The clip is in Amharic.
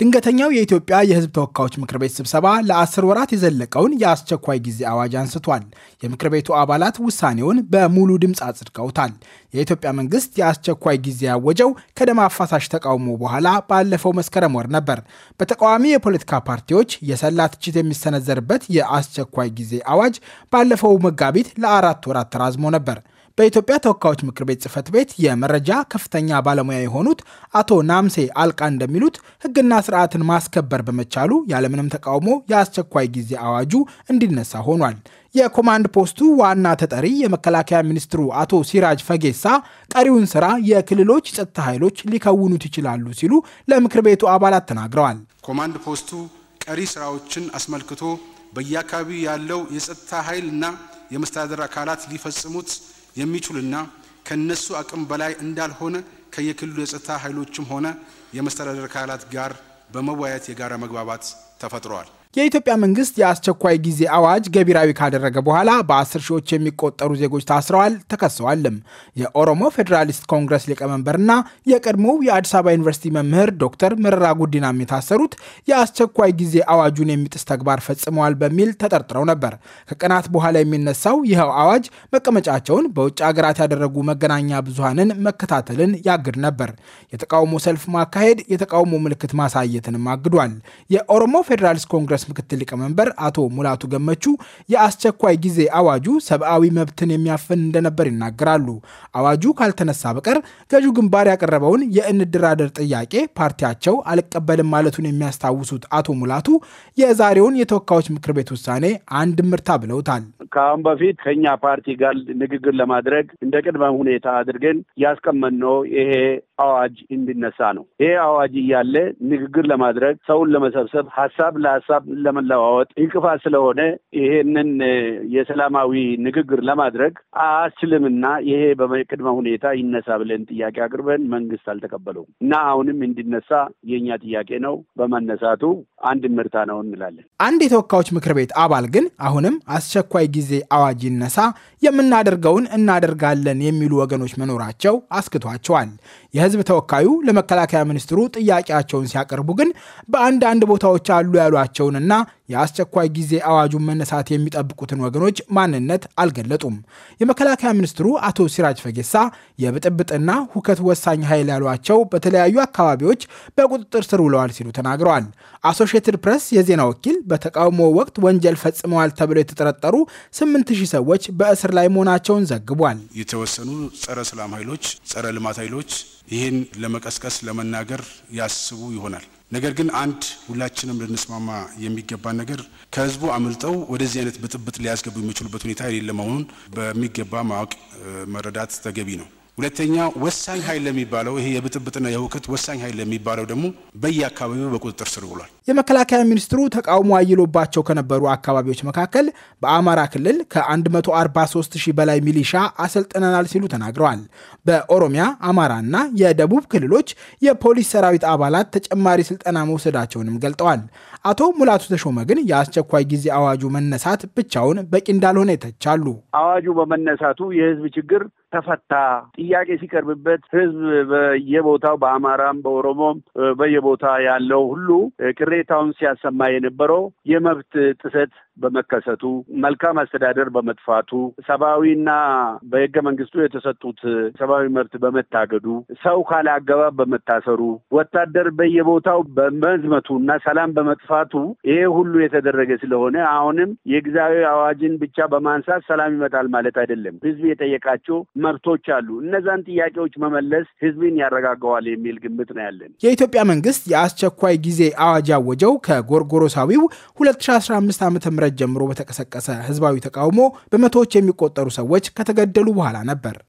ድንገተኛው የኢትዮጵያ የሕዝብ ተወካዮች ምክር ቤት ስብሰባ ለአስር ወራት የዘለቀውን የአስቸኳይ ጊዜ አዋጅ አንስቷል። የምክር ቤቱ አባላት ውሳኔውን በሙሉ ድምፅ አጽድቀውታል። የኢትዮጵያ መንግስት የአስቸኳይ ጊዜ ያወጀው ከደም አፋሳሽ ተቃውሞ በኋላ ባለፈው መስከረም ወር ነበር። በተቃዋሚ የፖለቲካ ፓርቲዎች የሰላ ትችት የሚሰነዘርበት የአስቸኳይ ጊዜ አዋጅ ባለፈው መጋቢት ለአራት ወራት ተራዝሞ ነበር። በኢትዮጵያ ተወካዮች ምክር ቤት ጽህፈት ቤት የመረጃ ከፍተኛ ባለሙያ የሆኑት አቶ ናምሴ አልቃ እንደሚሉት ህግና ስርዓትን ማስከበር በመቻሉ ያለምንም ተቃውሞ የአስቸኳይ ጊዜ አዋጁ እንዲነሳ ሆኗል። የኮማንድ ፖስቱ ዋና ተጠሪ የመከላከያ ሚኒስትሩ አቶ ሲራጅ ፈጌሳ ቀሪውን ስራ የክልሎች ጸጥታ ኃይሎች ሊከውኑት ይችላሉ ሲሉ ለምክር ቤቱ አባላት ተናግረዋል። ኮማንድ ፖስቱ ቀሪ ስራዎችን አስመልክቶ በየአካባቢው ያለው የጸጥታ ኃይል እና የመስተዳደር አካላት ሊፈጽሙት የሚችሉና ከነሱ አቅም በላይ እንዳልሆነ ከየክልሉ የጸጥታ ኃይሎችም ሆነ የመስተዳደር አካላት ጋር በመወያየት የጋራ መግባባት ተፈጥሯል። የኢትዮጵያ መንግስት የአስቸኳይ ጊዜ አዋጅ ገቢራዊ ካደረገ በኋላ በአስር ሺዎች የሚቆጠሩ ዜጎች ታስረዋል፣ ተከሰዋልም። የኦሮሞ ፌዴራሊስት ኮንግረስ ሊቀመንበርና የቀድሞው የአዲስ አበባ ዩኒቨርሲቲ መምህር ዶክተር መረራ ጉዲናም የታሰሩት የአስቸኳይ ጊዜ አዋጁን የሚጥስ ተግባር ፈጽመዋል በሚል ተጠርጥረው ነበር። ከቀናት በኋላ የሚነሳው ይኸው አዋጅ መቀመጫቸውን በውጭ ሀገራት ያደረጉ መገናኛ ብዙሃንን መከታተልን ያግድ ነበር። የተቃውሞ ሰልፍ ማካሄድ፣ የተቃውሞ ምልክት ማሳየትንም አግዷል። የኦሮሞ ፌዴራሊስት ኮንግረስ ምክትል ሊቀመንበር አቶ ሙላቱ ገመቹ የአስቸኳይ ጊዜ አዋጁ ሰብአዊ መብትን የሚያፍን እንደነበር ይናገራሉ። አዋጁ ካልተነሳ በቀር ገዢው ግንባር ያቀረበውን የእንድራደር ጥያቄ ፓርቲያቸው አልቀበልም ማለቱን የሚያስታውሱት አቶ ሙላቱ የዛሬውን የተወካዮች ምክር ቤት ውሳኔ አንድ ምርታ ብለውታል። ከአሁን በፊት ከኛ ፓርቲ ጋር ንግግር ለማድረግ እንደ ቅድመ ሁኔታ አድርገን ያስቀመጥነው ይሄ አዋጅ እንዲነሳ ነው። ይሄ አዋጅ እያለ ንግግር ለማድረግ ሰውን ለመሰብሰብ ሀሳብ ለሀሳብ ለመለዋወጥ እንቅፋት ስለሆነ ይሄንን የሰላማዊ ንግግር ለማድረግ አያስችልምና ይሄ በቅድመ ሁኔታ ይነሳ ብለን ጥያቄ አቅርበን መንግስት አልተቀበለውም እና አሁንም እንዲነሳ የእኛ ጥያቄ ነው። በመነሳቱ አንድ ምርታ ነው እንላለን። አንድ የተወካዮች ምክር ቤት አባል ግን አሁንም አስቸኳይ ጊዜ አዋጅ ይነሳ፣ የምናደርገውን እናደርጋለን የሚሉ ወገኖች መኖራቸው አስክቷቸዋል። የህዝብ ተወካዩ ለመከላከያ ሚኒስትሩ ጥያቄያቸውን ሲያቀርቡ ግን በአንዳንድ ቦታዎች አሉ ያሏቸውንና የአስቸኳይ ጊዜ አዋጁን መነሳት የሚጠብቁትን ወገኖች ማንነት አልገለጡም። የመከላከያ ሚኒስትሩ አቶ ሲራጅ ፈጌሳ የብጥብጥና ሁከት ወሳኝ ኃይል ያሏቸው በተለያዩ አካባቢዎች በቁጥጥር ስር ውለዋል ሲሉ ተናግረዋል። አሶሽትድ ፕሬስ የዜና ወኪል በተቃውሞ ወቅት ወንጀል ፈጽመዋል ተብለው የተጠረጠሩ 8000 ሰዎች በእስር ላይ መሆናቸውን ዘግቧል። የተወሰኑ ጸረ ሰላም ኃይሎች፣ ጸረ ልማት ኃይሎች ይህን ለመቀስቀስ ለመናገር ያስቡ ይሆናል። ነገር ግን አንድ ሁላችንም ልንስማማ የሚገባን ነገር ከህዝቡ አምልጠው ወደዚህ አይነት ብጥብጥ ሊያስገቡ የሚችሉበት ሁኔታ የሌለ መሆኑን በሚገባ ማወቅ መረዳት ተገቢ ነው። ሁለተኛ ወሳኝ ኃይል ለሚባለው ይሄ የብጥብጥና የሁከት ወሳኝ ኃይል ለሚባለው ደግሞ በየአካባቢው በቁጥጥር ስር ውሏል። የመከላከያ ሚኒስትሩ ተቃውሞ አይሎባቸው ከነበሩ አካባቢዎች መካከል በአማራ ክልል ከ143 ሺህ በላይ ሚሊሻ አሰልጥነናል ሲሉ ተናግረዋል። በኦሮሚያ አማራና የደቡብ ክልሎች የፖሊስ ሰራዊት አባላት ተጨማሪ ስልጠና መውሰዳቸውንም ገልጠዋል። አቶ ሙላቱ ተሾመ ግን የአስቸኳይ ጊዜ አዋጁ መነሳት ብቻውን በቂ እንዳልሆነ ይተቻሉ። አዋጁ በመነሳቱ የህዝብ ችግር ተፈታ። ጥያቄ ሲቀርብበት ህዝብ በየቦታው በአማራም በኦሮሞም በየቦታ ያለው ሁሉ ቅሬ ቅሬታውን ሲያሰማ የነበረው የመብት ጥሰት በመከሰቱ መልካም አስተዳደር በመጥፋቱ ሰብአዊና በህገ መንግስቱ የተሰጡት ሰብአዊ መብት በመታገዱ ሰው ካለ አገባብ በመታሰሩ ወታደር በየቦታው በመዝመቱ እና ሰላም በመጥፋቱ ይሄ ሁሉ የተደረገ ስለሆነ አሁንም የጊዜያዊ አዋጅን ብቻ በማንሳት ሰላም ይመጣል ማለት አይደለም። ህዝብ የጠየቃቸው መብቶች አሉ። እነዛን ጥያቄዎች መመለስ ህዝብን ያረጋገዋል የሚል ግምት ነው ያለን። የኢትዮጵያ መንግስት የአስቸኳይ ጊዜ አዋጅ አወጀው ከጎርጎሮሳዊው 2015 ዓ ም ህብረት ጀምሮ በተቀሰቀሰ ህዝባዊ ተቃውሞ በመቶዎች የሚቆጠሩ ሰዎች ከተገደሉ በኋላ ነበር።